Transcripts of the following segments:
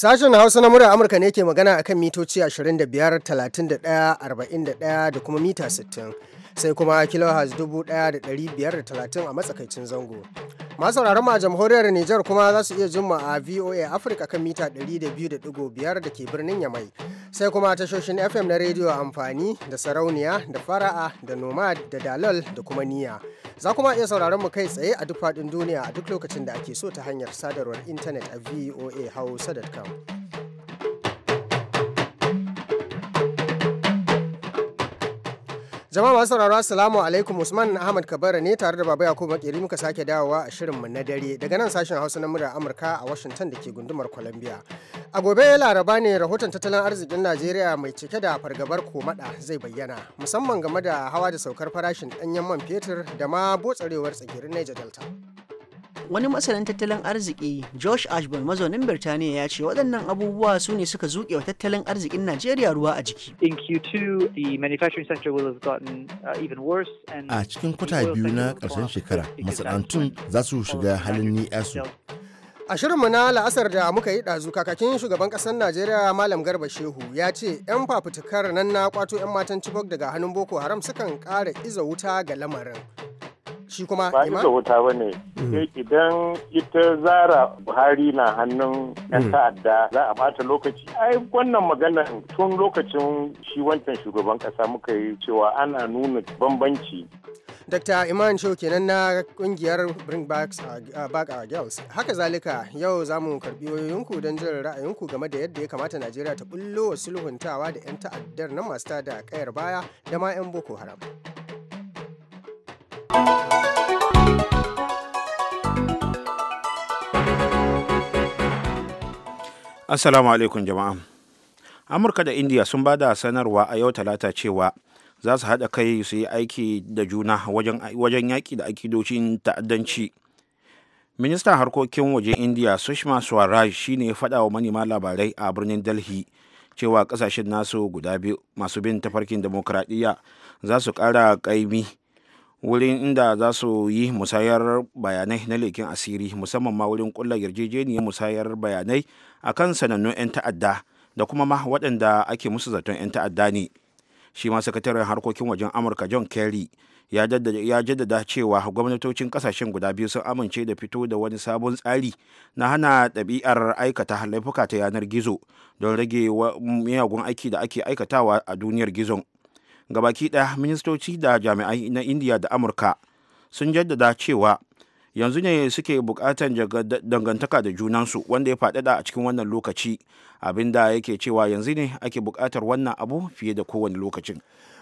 Sashen Hausa na murar Amurka ne ke magana akan mitoci 25, 31, 41 da kuma mita 60. Sai kuma kilohertz 1530 a matsakaicin zango. Masu sauraron a jamhuriyar Nijar kuma za su iya jin a VOA Africa kan mita 200.5 da ke birnin Yamai. Sai kuma tashoshin FM na rediyo amfani da sarauniya da fara'a da nomad da dalal da kuma niyya. Za kuma iya sauraron mu kai tsaye a duk faɗin duniya a duk lokacin da ake so ta hanyar sadarwar intanet a voa hausa.com Jama'a masu sauraro Assalamu alaikum Usman Ahmad Kabara ne tare da Baba Yakubu Makeri muka sake dawowa a shirin mu na dare daga nan sashen Hausa na murar Amurka a Washington da ke gundumar Columbia. A gobe Laraba ne rahoton tattalin arzikin Najeriya mai cike da fargabar komada zai bayyana musamman game da hawa da saukar farashin danyen man fetur da ma botsarewar tsakirin Niger Delta. wani masanin tattalin arziki josh ashburn mazaunin birtaniya ya ce waɗannan abubuwa su ne suka zuke wa tattalin arzikin najeriya ruwa a jiki uh, a cikin kwata biyu na ƙarshen shekara masana'antun za su shiga halin ni'asu a shirinmu na la'asar da muka yi ɗazu kakakin shugaban ƙasar najeriya malam garba shehu ya ce 'yan fafutukar nan na kwato 'yan matan cibok daga hannun boko haram sukan ƙara iza wuta ga lamarin shi kuma ba wuta ba ne mm. idan ita zara buhari na hannun yan mm. ta'adda za a bata lokaci ai wannan magana tun lokacin shi wancan shugaban kasa muka yi cewa ana nuna bambanci Dr. Iman shau kenan na kungiyar Bring Back a Girls. Haka zalika yau za mu karbi wayoyinku don jin ra'ayinku game da yadda ya kamata Najeriya ta bullo wa sulhuntawa da 'yan ta'addar na masu da kayar baya da ma 'yan Boko Haram. Assalamu alaikum jama'a. Amurka da India sun ba da sanarwa a yau talata cewa za su haɗa kai su yi aiki da juna wajen yaƙi da akidocin ta'addanci. Ministan harkokin waje India Sushma Swaraj shi ne faɗa wa manema labarai a birnin Delhi cewa ƙasashen nasu guda biyu masu bin tafarkin demokuraɗiyya za su ƙara ƙaimi wurin inda za su yi musayar bayanai na lekin asiri musamman ma wurin kulla yarjejeniyar musayar bayanai a kan sanannun 'yan ta'adda da kuma ma waɗanda ake musu zaton 'yan ta'adda ne shi ma sakataren harkokin wajen amurka john kerry ya jaddada cewa gwamnatocin kasashen guda biyu sun amince da fito da wani sabon tsari na hana ɗabi'ar aikata laifuka ta yanar gizo don rage miyagun aiki da ake aikatawa a duniyar gizon ga baki ɗaya ministoci da jami'ai na indiya da amurka sun jaddada cewa yanzu ne suke bukatan dangantaka da junansu wanda ya faɗaɗa a cikin wannan lokaci abinda yake cewa yanzu ne ake bukatar wannan abu fiye da kowane lokacin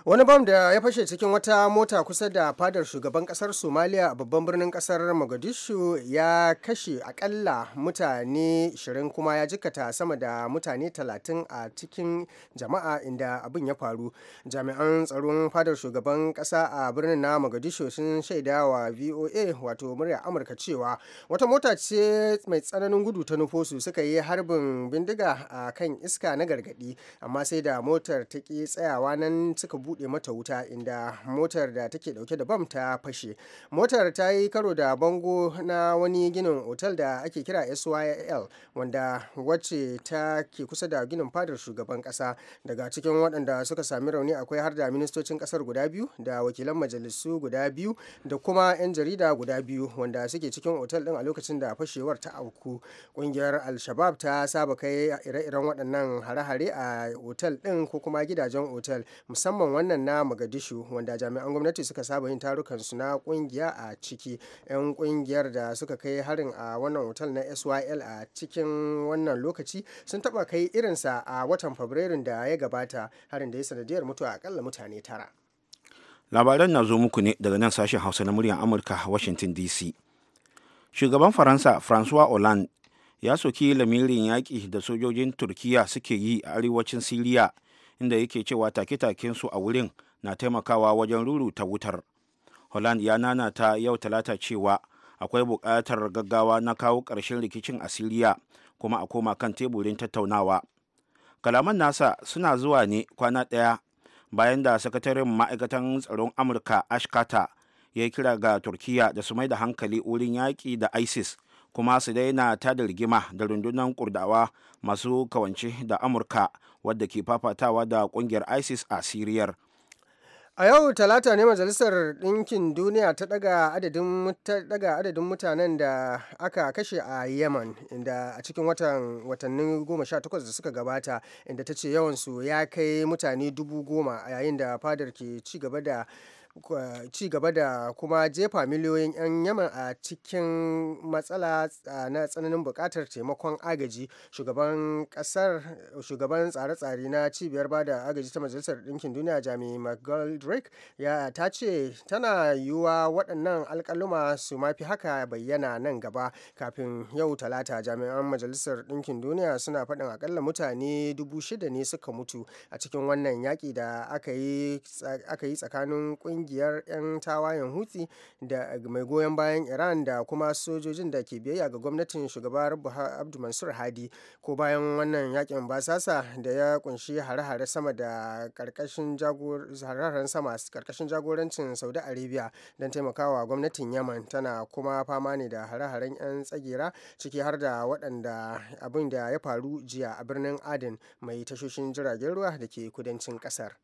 wani bam da ya fashe cikin wata mota kusa da fadar shugaban kasar somalia a babban birnin kasar mogadishu ya kashe akalla mutane 20 kuma ya jikata sama da mutane 30 a cikin jama'a inda abin ya faru jami'an tsaron fadar shugaban kasa a birnin na mogadishu sun shaida wa voa wato murya amurka cewa wata mota ce mai tsananin gudu ta nufosu suka yi harbin bindiga a kan iska na gargadi amma sai da motar ta ki tsayawa nan suka buɗe buɗe mata wuta inda motar da take ɗauke da bam ta fashe motar ta yi karo da bango na wani ginin otal da ake kira syl wanda wacce ta ke kusa da ginin fadar shugaban kasa daga cikin waɗanda suka sami rauni akwai har da ministocin ƙasar guda biyu da wakilan majalisu guda biyu da kuma 'yan jarida guda biyu wanda suke cikin otal ɗin a lokacin da fashewar ta auku ƙungiyar al-shabab ta saba kai ire-iren waɗannan hare-hare a otal ɗin ko kuma gidajen otal musamman wannan na magadishu wanda jami'an gwamnati suka saba yin tarukan su na kungiya a ciki yan kungiyar da suka kai harin a wannan otal na syl a cikin wannan lokaci sun taba kai irinsa a watan fabrairun da ya gabata harin da ya sanadiyar mutuwa akalla mutane tara labaran na zo muku ne daga nan sashen hausa na muryar amurka washington dc shugaban faransa francois hollande ya soki lamirin yaƙi da sojojin turkiya suke yi a arewacin siriya inda yake cewa take-taken su a wurin na taimakawa wajen ruruta wutar holland ya ta yau talata cewa akwai buƙatar gaggawa na kawo ƙarshen rikicin asiriya kuma a koma kan teburin tattaunawa kalaman nasa suna zuwa ne kwana ɗaya bayan da sakataren ma'aikatan tsaron amurka ashkata ya kira ga turkiya da su mai da hankali wurin yaƙi da isis kuma su daina ta da rigima da rundunar kurdawa masu kawance da amurka wadda ke fafatawa da kungiyar isis a siriyar a yau talata ne majalisar ɗinkin duniya ta daga adadin mutanen da aka kashe a yemen inda a cikin watan watanni 18 da suka gabata inda ta ce yawansu ya kai mutane dubu goma a yayin da fadar ke ci gaba da Eh, ci gaba da kuma jefa miliyoyin 'yan yaman a cikin matsala eh, na tsananin buƙatar taimakon agaji shugaban ƙasar shugaban tsare-tsare na cibiyar bada agaji ta majalisar ɗinkin duniya jami mcgoldrick ya ta ce tana yiwuwa waɗannan alƙaluma su mafi haka bayyana nan gaba kafin yau talata jami'an majalisar ɗinkin duniya suna faɗin akalla mutane dubu shida ne suka mutu a cikin wannan yaƙi da aka yi tsakanin ƙungiyar kungiyar 'yan tawayen hutu da mai goyon bayan iran da kuma sojojin da ke biyayya ga gwamnatin shugaba abdu mansur hadi ko bayan wannan yakin basasa da ya kunshi hare-hare sama da karkashin jagorancin saudi arabia don taimakawa gwamnatin yaman tana kuma fama ne da hare-haren 'yan tsagira ciki har da waɗanda abin da ya faru jiya a birnin adin mai tashoshin jiragen ruwa da ke kudancin ƙasar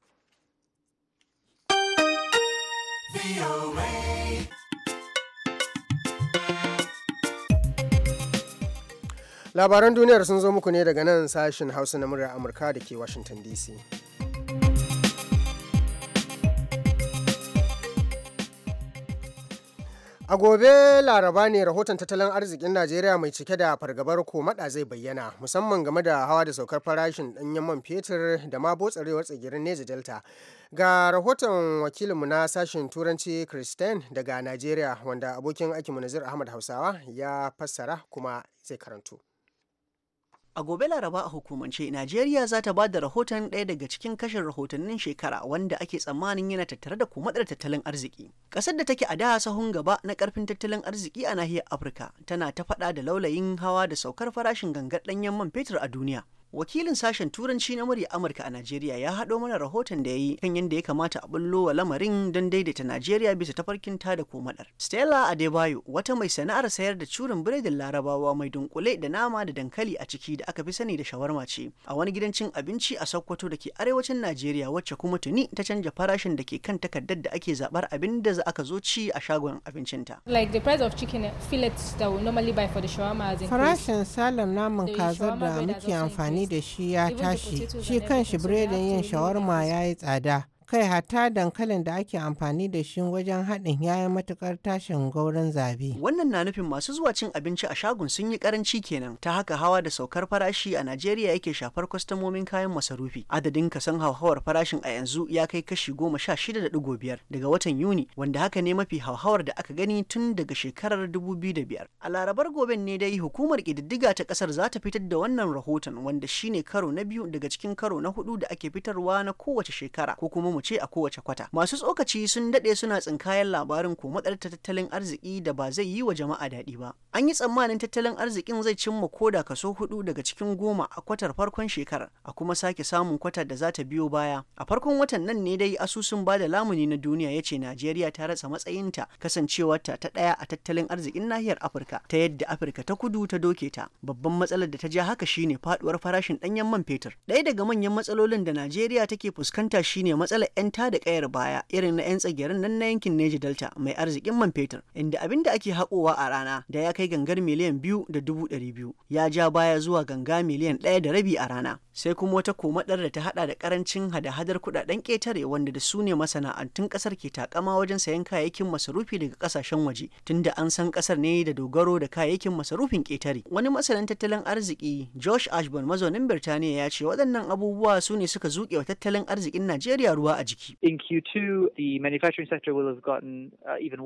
Labaran duniyar sun zo muku ne daga nan sashen Hausa na muryar Amurka da ke Washington DC. A gobe Laraba ne rahoton tattalin arzikin Najeriya mai cike da fargabar komada zai bayyana musamman game da hawa da saukar farashin ɗanyen man fetur da ma botsarewar tsigirin Neza Delta. Ga rahoton wakilinmu na sashen Turanci Christian daga Najeriya wanda abokin aikinmu Nazir Ahmad Hausawa ya fassara kuma zai karantu. A gobe Laraba a hukumance, Najeriya za ta ba da rahoton ɗaya daga cikin kashin rahotannin shekara wanda ake tsammanin yana tattare da komadar tattalin arziki. Ƙasar da take a da sahun gaba na ƙarfin tattalin arziki a nahiyar Afirka tana ta faɗa da laulayin hawa da saukar farashin gangar ɗanyen man fetur a duniya. wakilin sashen turanci na murya amurka a najeriya ya haɗo mana rahoton da ya yi kan yadda ya kamata a bullo wa lamarin don daidaita najeriya bisa tafarkin ta da komadar stella adebayo wata mai sana'ar sayar da curin biredin larabawa mai dunkule da nama da dankali a ciki da aka fi sani da shawarma ce a wani gidan cin abinci a sokoto da ke arewacin najeriya wacce kuma tuni ta canja farashin da ke kan takardar da ake zabar abin da za aka zo ci a shagon abincinta like the chicken fillets that we normally farashin salon naman kazar da muke amfani da shi ya tashi shi kan shi biredin yin shawarma ya yi tsada kai hata dankalin da ake amfani da shi wajen haɗin yayan matukar tashin gauran zabe. Wannan na nufin masu zuwa cin abinci a shagun sun yi karanci kenan ta haka hawa da saukar farashi a Najeriya yake shafar kwastamomin kayan masarufi. Adadin kasan hauhawar farashin a yanzu ya kai kashi goma sha shida da biyar daga watan Yuni wanda haka ne mafi hauhawar da aka gani tun daga shekarar dubu biyu da biyar. A larabar goben ne dai hukumar ƙididdiga ta ƙasar za ta fitar da wannan rahoton wanda shine karo na biyu daga cikin karo na hudu da ake fitarwa na kowace shekara ko kuma mu ce a kowace kwata. Masu tsokaci sun daɗe suna tsinkayen labarin ko ta tattalin arziki da ba zai yi wa jama'a daɗi ba. An yi tsammanin tattalin arzikin zai cimma ko da kaso hudu daga cikin goma a kwatar farkon shekarar, a kuma sake samun kwata da za ta biyo baya. A farkon watan nan ne dai asusun ba da lamuni na duniya ya ce Najeriya ta ratsa matsayinta kasancewarta ta ɗaya a tattalin arzikin nahiyar Afirka ta yadda Afirka ta kudu ta doke ta. Babban matsalar da ta ja haka shine faduwar farashin ɗanyen man fetur. Ɗaya daga manyan matsalolin da Najeriya take fuskanta shine matsalar matsalar 'yan tada kayar baya irin na 'yan tsagiyar nan na yankin Neji Delta mai arzikin man fetur inda abin da ake hakowa a rana da ya kai gangar miliyan biyu da dubu ɗari biyu ya ja baya zuwa ganga miliyan ɗaya da rabi a rana sai kuma wata komadar da ta haɗa da karancin hada-hadar kudaden ketare wanda da su ne masana'antun ƙasar ke takama wajen sayan kayayyakin masarufi daga ƙasashen waje tunda an san ƙasar ne da dogaro da kayayyakin masarufin ketare wani masanin tattalin arziki Josh Ashburn mazaunin Birtaniya ya ce waɗannan abubuwa su ne suka zuƙe wa tattalin arzikin Najeriya ruwa a jiki. In the manufacturing sector will have gotten uh, even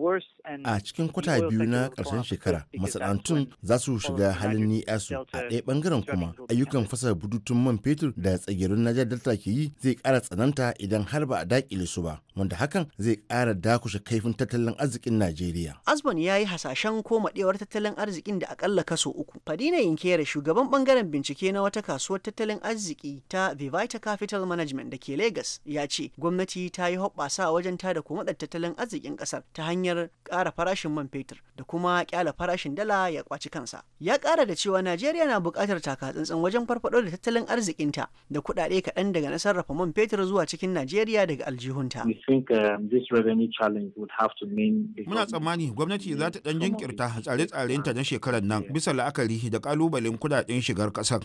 A cikin kwata biyu na ƙarshen shekara, masana'antun za su shiga halin ni'yasu. A ɗaya ɓangaren kuma, ayyukan fasa bututun man fetur da tsagirin Najar Delta ke yi zai ƙara tsananta idan har ba a daƙile su ba, wanda hakan zai ƙara dakushe kaifin tattalin arzikin Najeriya. Asbon ya yi hasashen ko maɗewar tattalin arzikin da ƙalla kaso uku. Fadina Yinkera shugaban ɓangaren bincike na wata kasuwar tattalin arziki ta Vivita Capital Management da ke Legas ya ce gwamnati ta yi hoɓɓasa wajen tada da tattalin arzikin ƙasar ta hanyar ƙara farashin man fetur da kuma ƙyala farashin dala ya kwaci kansa. Ya ƙara da cewa Najeriya na buƙatar takatsantsan wajen farfaɗo da tattalin arzikinta da kuɗaɗe kaɗan daga na sarrafa man fetur zuwa cikin Najeriya daga aljihunta. Uh, Muna tsammani gwamnati za ta ɗan jinkirta tsare-tsarenta na shekarar nan bisa la'akari da ƙalubalen kuɗaɗen shigar ƙasar.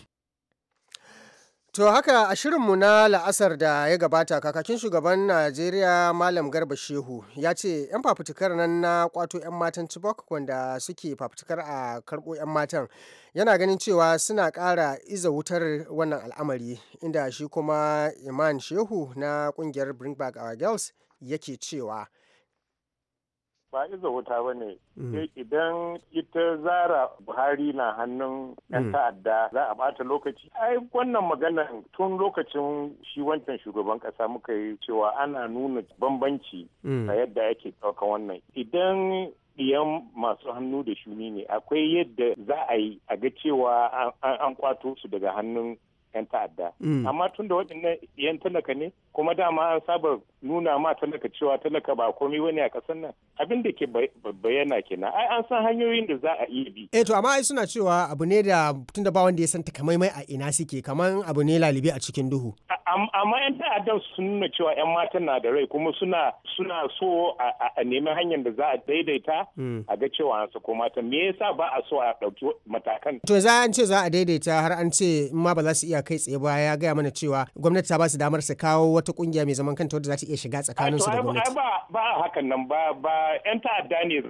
To haka a shirinmu na la'asar da ya gabata kakakin shugaban Najeriya Malam Garba Shehu ya ce 'yan fafutukar nan na kwato 'yan matan Chibok wanda suke fafutukar a karɓo 'yan matan yana ganin cewa suna ƙara iza wutar wannan al'amari inda shi kuma Iman Shehu na ƙungiyar Bring Back Our Girls yake cewa. ba iza wuta ba ne mm. idan ita zara buhari na hannun 'yan mm. ta'adda za a bata lokaci ai wannan magana tun lokacin shi wancan shugaban kasa muka yi cewa ana nuna bambanci mm. a yadda yake ɗaukan wannan idan ɗiyan masu hannu da shuni ne akwai yadda za a yi a ga cewa an kwato su daga hannun 'yan ta'adda. Mm. Amma tun da waɗannan 'yan talaka ne kuma dama an saba nuna ma talaka cewa talaka ba komai wani a ƙasar nan abin da ke bayyana kenan ai an san hanyoyin da za a iya bi. Eh to amma ai suna cewa abu ne da tun da ba wanda ya san mai a ina suke kaman abu ne lalibi a cikin duhu. amma yan ta'addan sun nuna cewa yan matan na da rai kuma suna suna so a nemi hanyar da za a daidaita hmm. a ga cewa an sako matan me yasa ba a so a ɗauki matakan to za an ce za a daidaita har an ce ma ba za su iya kai tsaye ba ya gaya mana cewa gwamnati ta ba su damar su kawo wata kungiya mai zaman kanta wadda za ta iya shiga tsakanin su da gwamnati ba a hakan nan ba ba yan ta'adda ne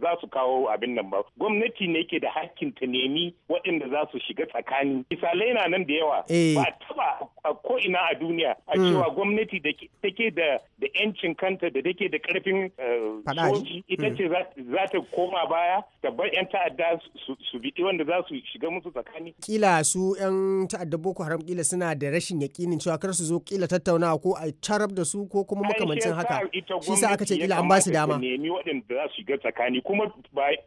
za su kawo abin nan ba gwamnati ne ke da hakkin ta nemi waɗanda za su shiga tsakani misalai na nan da yawa eh. ba taba ko ina a duniya a hmm. cewa gwamnati da take da da yancin kanta da take da karfin eh, soji ita hmm. ce za ta koma baya da bar yan ta'adda su biti wanda za su shiga musu tsakani kila su yan ta'adda boko haram kila suna da rashin yakinin cewa kar su zo kila tattaunawa ko a tarab da su ko kuma makamancin haka shi sa aka ce kila an ba su dama nemi waɗanda za su shiga tsakani kuma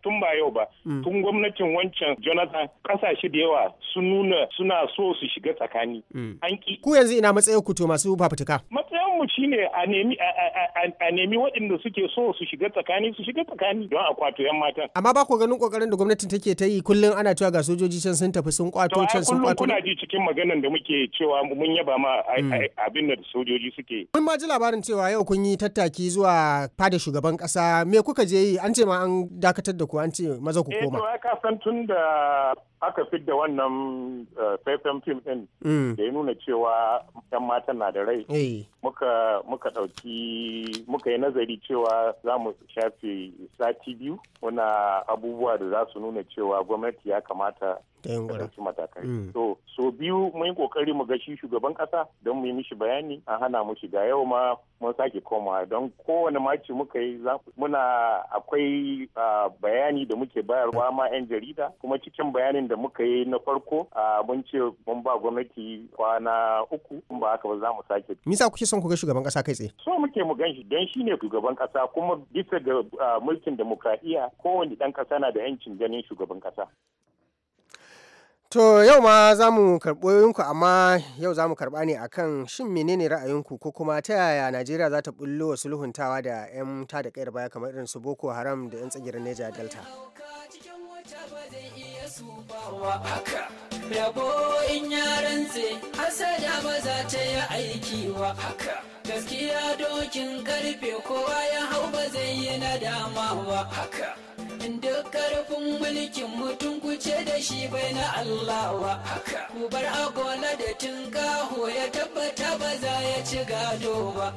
tun ba yau ba hmm. tun gwamnatin wancan Jonathan kasashe da yawa sun nuna suna so su shiga tsakani an ku yanzu yanzu ina matsayin ku to masu fafutuka matsayin mu shine a nemi a nemi waɗanda suke so su shiga tsakani su shiga tsakani don a kwato yan matan amma ba ku ganin kokarin da gwamnati take ta yi kullum ana cewa ga sojoji can sun tafi sun kwato can sun kwato kuna ji cikin maganan da muke cewa mun yaba ma hmm. abin da sojoji suke mun ma ji labarin cewa yau kun yi tattaki zuwa fada shugaban kasa me kuka je yi an ce ma an dakatar da ku an ce maza ku eh, koma eh to ka san tun da aka fidda wannan eh, faifan fim din mm. da ya nuna cewa yan mata na da rai eh. muka muka dauki muka yi nazari cewa za mu shafe sati biyu muna abubuwa da za su nuna cewa gwamnati ya kamata ta su matakai to mm. so biyu mun yi kokari mu ga shi shugaban kasa don mu yi mishi bayani an hana mu shiga yau ma mun sake koma don kowane maci muka yi muna akwai bayani da muke bayarwa ma 'yan jarida kuma cikin bayanin da muka yi na farko mun ce mun ba gwamnati kwana uku ba haka ba za mu sake. Misa kuke son ku ga shugaban kasa kai tsaye? So muke mu gan shi don shi ne shugaban kasa kuma bisa ga mulkin demokradiyya kowane ɗan kasa na da 'yancin ganin shugaban kasa. To yau ma za mu karɓo yunku amma yau za mu karɓa ne kan shin menene ra'ayinku ko kuma ta yaya Najeriya za ta bullo wa sulhuntawa da 'yan ta da kayar baya kamar irin su Boko Haram da 'yan tsagirin Neja Delta. Rabo in yaran hasada ba za ta yi aiki wa haka. Gaskiya dokin karfe kowa ya hau ba zai yi nadama wa haka. Duk karfin mulkin mutum ku shi bai na Allah wa ku bar agona da tun tinkaho ya tabbata ba za ya ci gado ba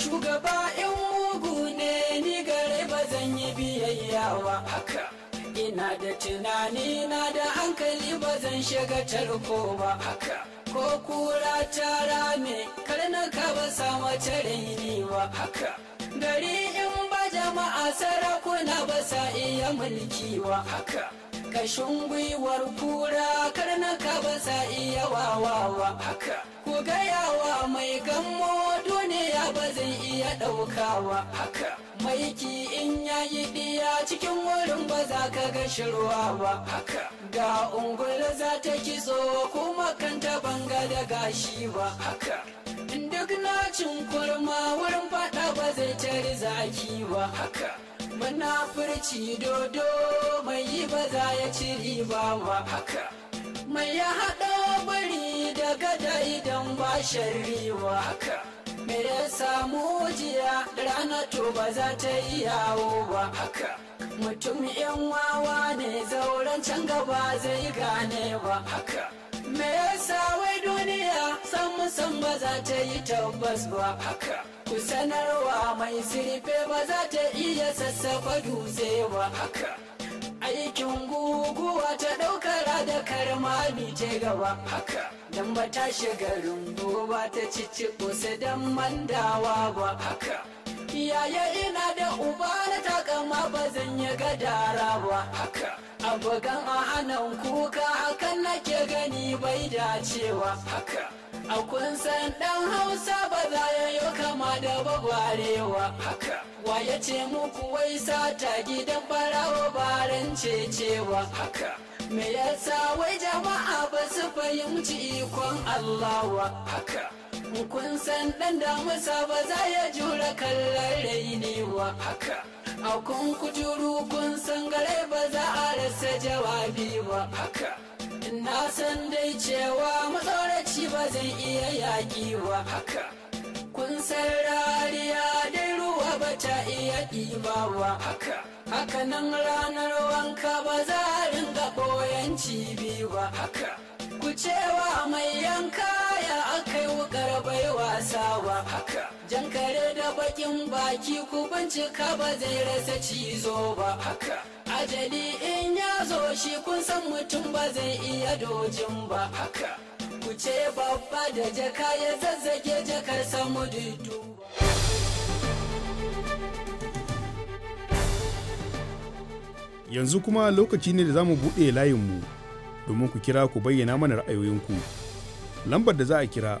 shugaba in mugu ne ni gare ba zan yi biyayya wa ina da tunani na da hankali ba zan shiga tarko ba ko kura ta rame karnaka ba sa mata tarini wa. haka gari in ba jama'a sarakuna ba sa iya mulki wa haka Kashin gwiwar kura karnaka ba sa iya wawawa. Haka. Ku gayawa mai gammo duniya ba zai iya ɗaukawa. Haka. Maiki in yayi ɗiya cikin wurin ba za ka ga shirwa ba. Haka. Ga ungula za ta kitso kuma kanta banga da gashi ba. Haka. Duk na kurma wurin faɗa ba zai tare zaki ba. Haka. munafurci dodo mai yi ba za ya ci riba ba haka mai ya haɗa bari da gada idan ba riwa haka mai ya samu jiya rana to ba za ta yi yawo ba haka mutum yan wawa ne zauren can gaba zai gane ba haka mai ya sawe san musan ba za ta yi tabbas ba haka ku sanarwa mai sirfe ba za ta iya sassafa dutse ba haka aikin guguwa ta ɗaukara da ni ce gaba haka dan ba ta shiga rumbu ba ta cici kusa dan mandawa ba haka yaya ina da uba na takama ba zan yi gadara ba haka abokan a hannun kuka hakan nake gani bai dacewa haka A kun san ɗan Hausa ba za ya yi kama da bagwarewa. Haka. Wa ya ce muku wai sata gidan barawa baran cewa. Haka. Me yasa wai jama'a ba su fahimci ikon Allahwa. Haka. Kun san ɗan damusa ba za ya jura kallon wa? Haka. A kun kuturu kun san gare ba za a rasa jawabi ba. Haka. na san dai cewa matsoraci ba zai iya yaƙi ba haka kun san rariya dai ruwa ba ta iya ɗiba ba haka Hakanan ranar wanka ba za a ringa ɓoyen cibi ba haka ku cewa mai yanka ya aka bai wasawa jan kare da bakin baki ku bincika ba zai rasa cizo ba ajali in ya zo shi kun san mutum ba zai iya dojin ba ku ce babba da jaka ya zazzage jakar samu dudu yanzu kuma lokaci ne da za mu buɗe layinmu domin ku kira ku bayyana mana ra'ayoyinku lambar da za a kira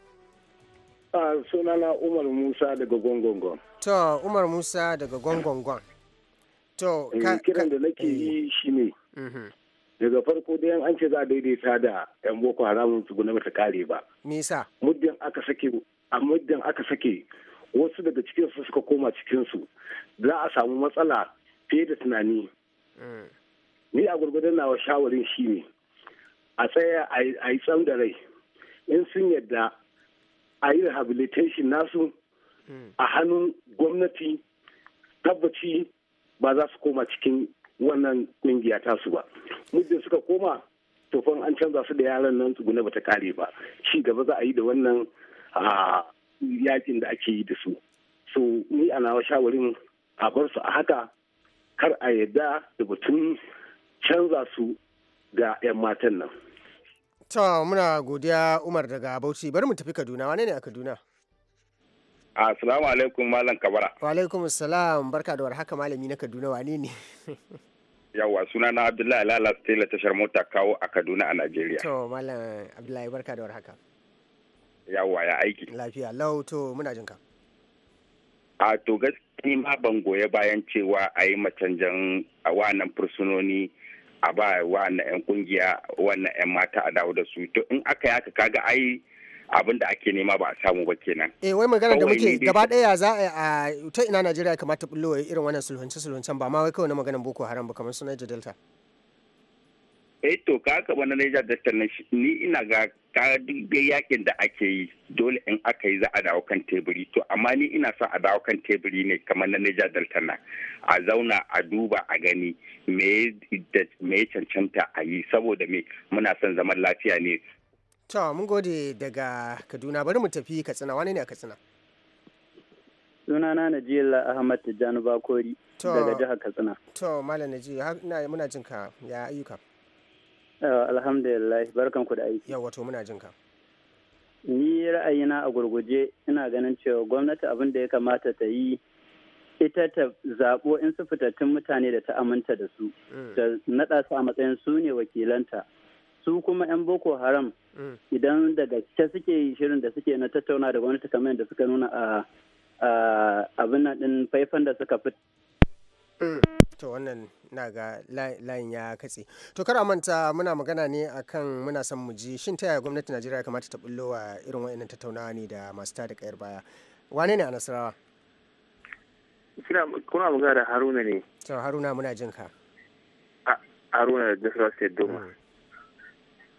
A ah, sunana Umar Musa daga Gongongon. To, Umar Musa daga Gongongon. To, eh, ka, kiran da nake yi eh. shi ne. Mhm. Daga farko da an ce za a daidaita da 'yan Boko haramun su na bata kare ba. Nisa. Muddin aka sake, a muddin aka sake wasu daga cikinsu suka koma cikinsu za a samu matsala fiye da tunani. Mm. Ni a gurgudan nawa shawarin shi ne. A tsaya a yi tsam da rai. In sun yadda a yi rehabilitation nasu a hannun gwamnati tabbaci ba za su koma cikin wannan kungiya tasu ba muddin suka koma tofan an canza su da yaran nan tsuguna bata kare ba ci gaba za a yi da wannan yakin da ake yi da su so ni a nawa shawarin a bar su a haka kar a yadda da batun canza su ga 'yan matan nan. To muna godiya Umar daga Bauchi bari mu tafi Kaduna wane ne a Kaduna? Assalamu alaikum Malam Kabara. Wa alaikum salam barka da warhaka malami na Kaduna wane ne? Yawwa suna na Abdullahi Lala Stella tashar mota kawo a Kaduna a Najeriya. To Malam Abdullahi barka da warhaka. Yawwa ya aiki. Lafiya lau to muna jinka. A to gaskiya ma ban goya bayan cewa a yi macanjan a wannan fursunoni a ba na 'yan kungiya wannan 'yan mata a dawo da su to in aka yi haka kaga ai abin da ake nema ba a samu ba kenan. Eh wai magana da muke gaba daya za a ta ina Najeriya kamata bullo irin wannan sulhunce sulhuncen ba ma wai kawai na maganar Boko Haram ba kamar sunan Niger Delta. eh to ka haka na Niger Delta ni ina ga ka dai yakin da ake yi dole in aka yi za a dawo kan teburi to amma ni ina son a dawo kan teburi ne kamar na Niger Delta nan a zauna a duba a gani me ya cancanta a yi saboda me muna son zaman lafiya ne to mun gode daga Kaduna bari mu tafi Katsina wani ne a Katsina sunana Najiyar Ahmad Tijjani Bakori daga jihar Katsina to malam Najiyar muna jinka ya ayyuka Eh, alhamdulillah barkan ku da aiki yau wato muna jinka ni ra'ayina a gurguje ina ganin cewa gwamnati abin da ya kamata ta yi ita ta zaɓo in su fitattun mutane da ta aminta da su da mm. naɗa su a matsayin su ne wakilanta su kuma 'yan boko haram mm. idan da ta suke shirin da suke na tattauna da gwamnati kamar yadda suka nuna a abin nan faifan da suka fi mm. to wannan na ga layin ya katse to kar a manta muna magana ne akan muna son mu ji shin ta yaya gwamnatin najeriya ya kamata ta bullo wa irin wa'annan tattaunawa ne da masu tada kayar baya wane ne a nasarawa kuna magana da haruna ne to haruna muna jin ka haruna da nasarawa state doma hmm.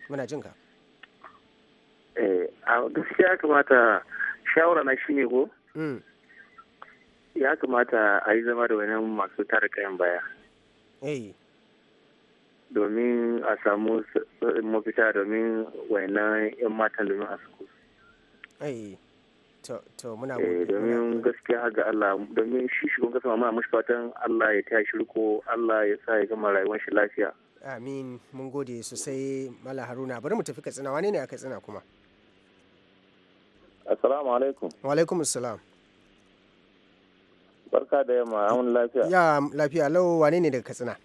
muna jin ka eh a gaskiya kamata shawara na shi ne ko hmm. ya kamata a yi zama da wani masu tara kayan baya domin a samu mafita domin wayannan 'yan matan domin a suku to muna eh, domin gaskiya ga Allah domin shi shi kasa muna mashi fatan Allah ya ta shi riko Allah ya sa ya gama rayuwar shi lafiya amin mun gode sosai mala haruna bari mu tafi katsina wane ne a katsina kuma assalamu alaikum wa alaikum assalam Barka da yamma, an lafiya. Ya lafiya, lau wane ne daga Katsina?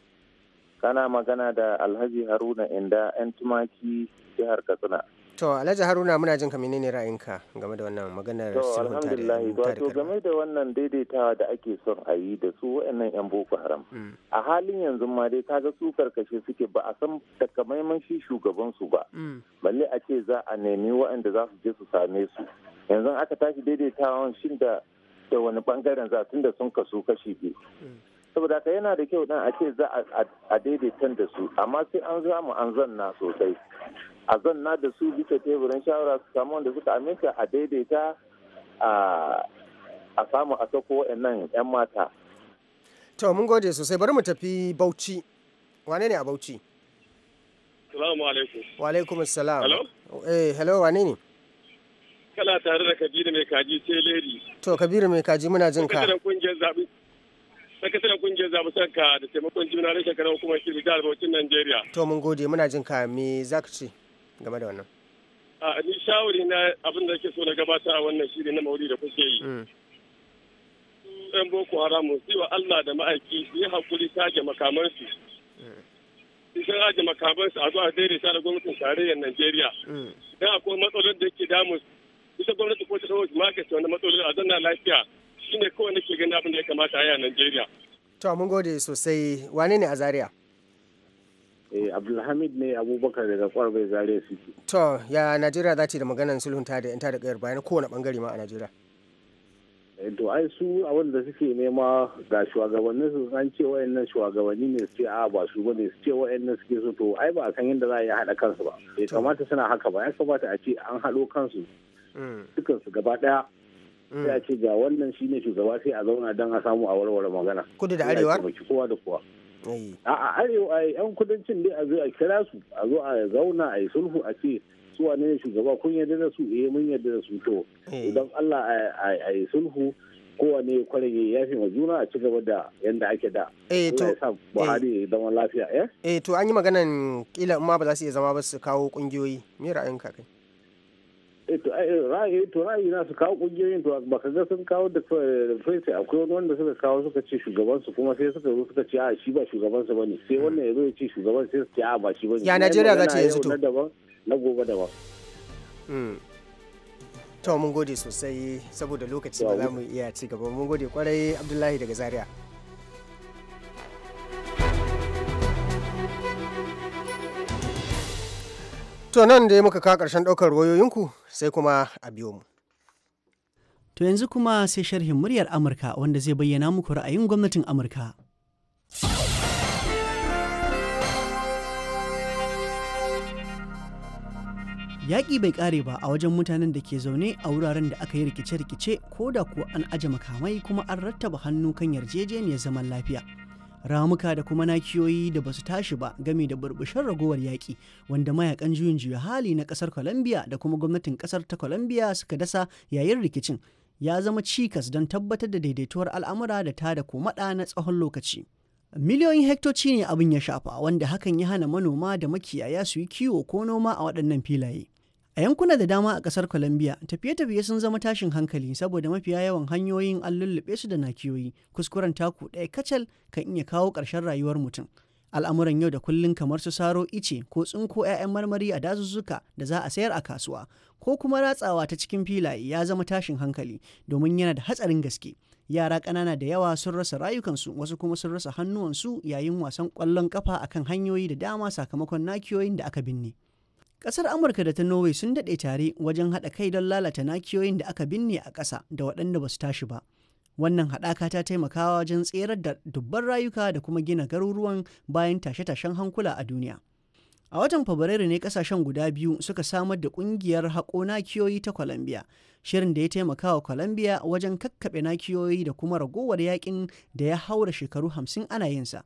Kana magana da Alhaji Haruna Inda 'yan tumaki jihar Katsina. To Alhaji Haruna muna jin ka menene ra'ayinka game da wannan maganar To alhamdulillah wato game da wannan daidaitawa da ake son a yi da su waɗannan yan Boko Haram. Mm. A halin yanzu ma dai kaga su karkashe suke ba a san takamaiman shi shugaban su ba. Mm. Balle a ce za a nemi waɗanda za su je su same su. Yanzu aka tashi daidaitawa shin da da wani bangaren za tun da sun kasu kashi biyu saboda haka yana da kyau dan a ce za a daidaitan da su amma sai an zamu an zanna sosai a zanna da su bisa teburin shawara su samu wanda suka aminta a daidaita a samu a sako nan 'yan mata to mun gode sosai bari mu tafi bauchi wane ne a bauchi salamu alaikum wa alaikum salam hello eh hello wane ne kana tare da Kabiru mai kaji sai Leri. To Kabiru mai kaji muna jin ka. Sakataren kungiyar zaɓi. sakataren kungiyar sanka da taimakon juna na shekarar hukumar shirin da Bauchin Najeriya. To mun gode muna jin ka me za ka ce game da wannan. A ni shawari na abin da ke so na gabata a wannan shirin na mauri da kuke yi. Ɗan mm. Boko Haram su wa Allah da ma'aiki su yi hakuri tage makamansu. sun mm. aje makamansu a zuwa daidaita da gwamnatin tarayyar Najeriya. Mm. Dan akwai matsalolin da ke damun ita gwamnati ko ta ɗauki ta wanda matsalolin a zanna lafiya shine kawai nake ganin abin da ya kamata a yi a Najeriya. To mun gode sosai wane ne a Zaria? Eh Abdulhamid ne Abubakar daga kwarbe Zaria City. To ya Najeriya za ta da maganar sulhunta da 'yan da ƙayar bayan kowane bangare ma a Najeriya. Eh, to ai su abin da suke nema ga shugabannin su san ce wayannan shugabanni ne su ce a ba su bane su ce wayannan suke so to ai ba a san yadda za a yi haɗa kansu ba bai kamata suna haka ba ya kamata a ce an haɗo kansu Mm. dukansu gaba daya. Mm. sai a ce ga wannan shine shugaba sai a zauna don a samu a warware magana kudu da arewa kowa da kowa a arewa a yan kudancin dai a zo a kira su a zo a zauna a yi sulhu a ce su wane ne shugaba kun yarda da su eh mun yarda da su to idan Allah a yi sulhu kowane kwarai kwarin ya yafi ma juna a ci gaba da yanda ake da. Eh to sa Buhari ya zama lafiya eh? Eh to an yi maganan kila ma ba za su iya zama ba su kawo kungiyoyi me ra'ayinka kai? Eh, to eh, ra'ayi to ra'ayi na su kawo kungiyoyin to ba ka ga sun kawo da fesa akwai wani wanda suka kawo suka ce shugaban su kuma sai suka zo suka ce a shi ba shugaban su bane sai wannan ya zo ya ce shugaban sai su ce a ba shi bane ya Najeriya za ce yanzu to na gobe daban hmm. to mun gode sosai saboda lokaci ba za mu iya ci gaba mun gode kwarai Abdullahi daga Zaria To nan ya muka ka ƙarshen ɗaukar wayoyinku sai kuma a biyo mu. To yanzu kuma sai sharhin muryar Amurka wanda zai bayyana muku ra'ayin gwamnatin Amurka. Yaƙi bai ƙare ba a wajen mutanen da ke zaune a wuraren da aka yi rikice-rikice ko da kuwa an aje makamai kuma an rattaba hannu kan yarjejeniyar zaman lafiya. ramuka da kuma nakiyoyi da basu tashi ba game da burbushin ragowar yaƙi wanda mayakan juyin juya hali na ƙasar Colombia da kuma gwamnatin ƙasar ta Colombia suka dasa yayin rikicin ya zama cikas don tabbatar da daidaituwar al'amura da ta da komaɗa na tsawon lokaci. Miliyoyin hektoci ne abin ya shafa wanda hakan ya hana manoma da makiyaya su yi kiwo ko noma a waɗannan filaye. A yankuna da dama a kasar Colombia, tafiye-tafiye sun zama tashin hankali saboda mafiya yawan hanyoyin an lullube su da nakiyoyi, kuskuren taku ɗaya kacal kan iya kawo ƙarshen rayuwar mutum. Al'amuran yau da kullun kamar su saro ice ko tsinko 'ya'yan marmari a dazuzzuka da za a sayar a kasuwa, ko kuma ratsawa ta cikin filaye ya zama tashin hankali domin yana da hatsarin gaske. Yara ƙanana da yawa sun rasa rayukansu wasu kuma sun rasa hannuwansu yayin wasan ƙwallon ƙafa akan hanyoyi da dama sakamakon nakiyoyin da aka binne. Ƙasar Amurka da ta Norway sun daɗe tare wajen haɗa kai don lalata nakiyoyin da aka binne a ƙasa da waɗanda ba su tashi ba. Wannan haɗaka ta taimakawa wajen tserar da dubban rayuka da kuma gina garuruwan bayan tashe-tashen hankula a duniya. A watan Fabrairu ne ƙasashen guda biyu suka samar da ƙungiyar haƙo nakiyoyi ta Colombia, shirin da ya taimakawa wa Colombia wajen kakkaɓe nakiyoyi da kuma ragowar yakin da ya haura shekaru hamsin ana yinsa.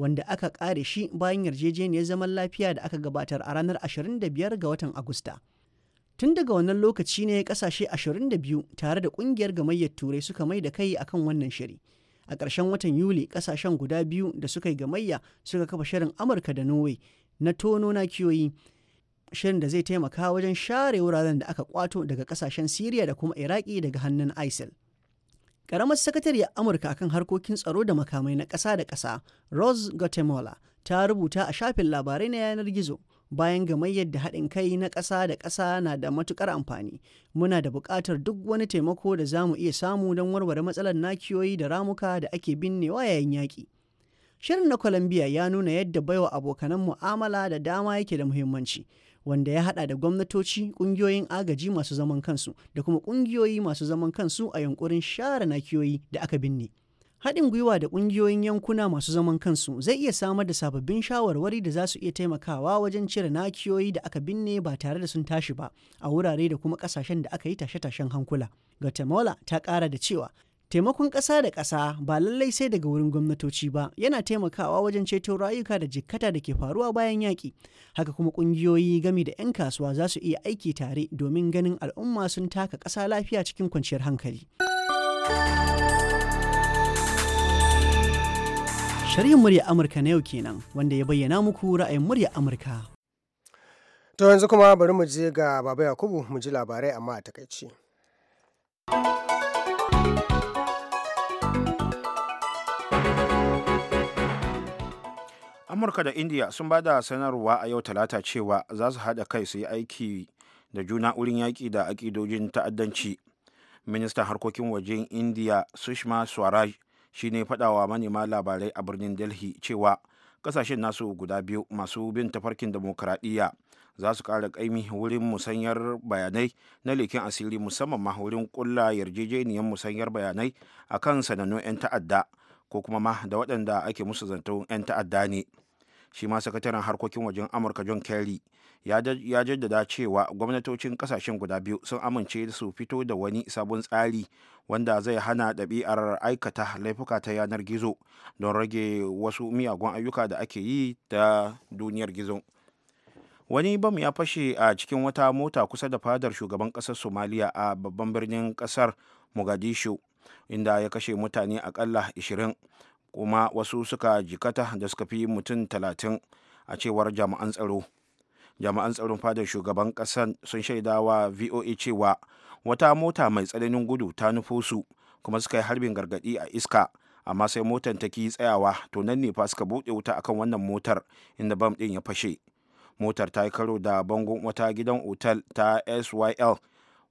wanda aka kare shi bayan yarjejeniyar zaman lafiya da aka gabatar a ranar 25 ga watan Agusta. Tun daga wannan lokaci ne kasashe 22 tare da kungiyar gamayyar Turai suka mai da kai akan wannan shiri. A ƙarshen watan Yuli kasashen guda biyu da suka yi gamayya suka kafa shirin Amurka da Norway na tono na kiyoyi. Shirin da zai taimaka wajen share wuraren da aka kwato daga kasashen Siriya da kuma Iraki daga hannun ISIL. Karamar sakatariyar Amurka akan harkokin tsaro da makamai na ƙasa da ƙasa, Rose Guatemala, ta rubuta a shafin labarai na yanar gizo. Bayan gamayyar da haɗin kai na ƙasa da ƙasa na da matuƙar amfani, muna da buƙatar duk wani taimako da za mu iya samu don warware matsalar nakiyoyi da ramuka da ake binnewa yayin yaƙi. Shirin na Colombia ya nuna yadda baiwa abokanan mu'amala da dama yake da muhimmanci. wanda ya hada da gwamnatoci kungiyoyin agaji masu zaman kansu da kuma kungiyoyi masu zaman kansu a yankurin share nakiyoyi da aka binne haɗin gwiwa da ƙungiyoyin yankuna masu zaman kansu zai iya samar da sababbin shawarwari da za su iya taimakawa wajen cire nakiyoyi da aka binne ba tare da sun tashi ba a wurare da kuma ƙasashen da aka yi tashe-tashen hankula. Guatemala ta ƙara da cewa Taimakon ƙasa da ƙasa ba lallai sai daga wurin gwamnatoci ba yana taimakawa wajen ceto rayuka da jikkata da ke faruwa bayan yaƙi. Haka kuma ƙungiyoyi gami da 'yan kasuwa za su iya aiki tare domin ganin al'umma sun taka ƙasa lafiya cikin kwanciyar hankali. shari'in murya Amurka na yau kenan wanda ya bayyana muku ra'ayin murya Amurka. To yanzu kuma bari mu je ga Baba Yakubu mu ji labarai amma a takaice. amurka da india sun ba da sanarwa a yau talata cewa za su haɗa kai su yi aiki da juna wurin yaƙi da aƙidojin ta'addanci ministan harkokin wajen india sushma swaraj shi ne faɗawa manema labarai a birnin delhi cewa ƙasashen nasu guda biyu masu bin tafarkin demokuraɗiyya za su ƙara ƙaimi wurin musanyar bayanai na leƙen asiri musamman ma wurin ƙulla yarjejeniyar musanyar bayanai a kan sanannun 'yan ta'adda ko kuma ma da waɗanda ake musu zantun 'yan ta'adda ne shi ma sakataren harkokin wajen amurka john kerry ya jaddada cewa gwamnatocin kasashen guda biyu sun amince su fito da wani sabon tsari wanda zai hana ɗabi'ar aikata laifuka ta yanar gizo don rage wasu miyagun ayyuka da ake yi ta duniyar gizo wani bam ya fashe a cikin wata mota kusa da fadar shugaban ƙasar Somalia a babban birnin ƙasar mogadishu inda ya kashe mutane akalla 20 kuma wasu suka jikata da suka fi mutum talatin a cewar jami'an tsaro jami'an tsaron fadar shugaban kasan sun shaida wa voa cewa wata mota mai tsananin gudu ta nufo su kuma suka yi harbin gargadi a iska amma sai motar ta ki tsayawa to nan ne fa suka buɗe wuta akan wannan motar inda bam ɗin ya fashe motar ta yi karo da bangon wata gidan otal ta syl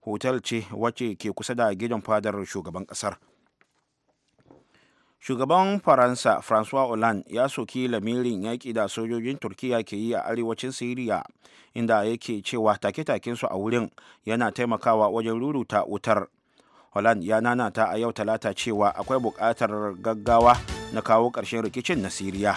hotel ce wacce ke kusa da gidan fadar shugaban kasar. shugaban faransa francois hollande ya soki lamirin yaƙi da sojojin turkiya ke yi a arewacin siriya inda yake cewa take-takensu a wurin yana taimakawa wajen ruruta wutar holland ya nanata a yau talata cewa akwai buƙatar gaggawa na kawo ƙarshen rikicin na siriya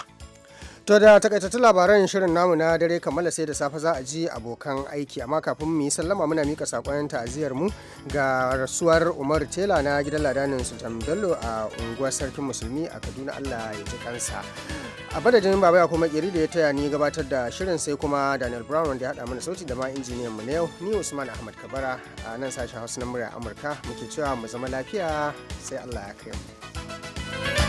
To da takaitattun labaran shirin namu na dare kammala sai da safe za a ji abokan aiki amma kafin mu yi sallama muna mika sakon ta'aziyar mu ga rasuwar Umar Tela na gidan ladanin Sultan Bello a unguwar Sarkin Musulmi a Kaduna Allah ya ji kansa. A badajin baba ya kuma kiri da ya taya ni gabatar da shirin sai kuma Daniel Brown wanda ya haɗa mana sauti da ma injiniyan mu na yau ni Usman Ahmad Kabara a nan sashen Hausa na murya Amurka muke cewa mu zama lafiya sai Allah ya kai mu.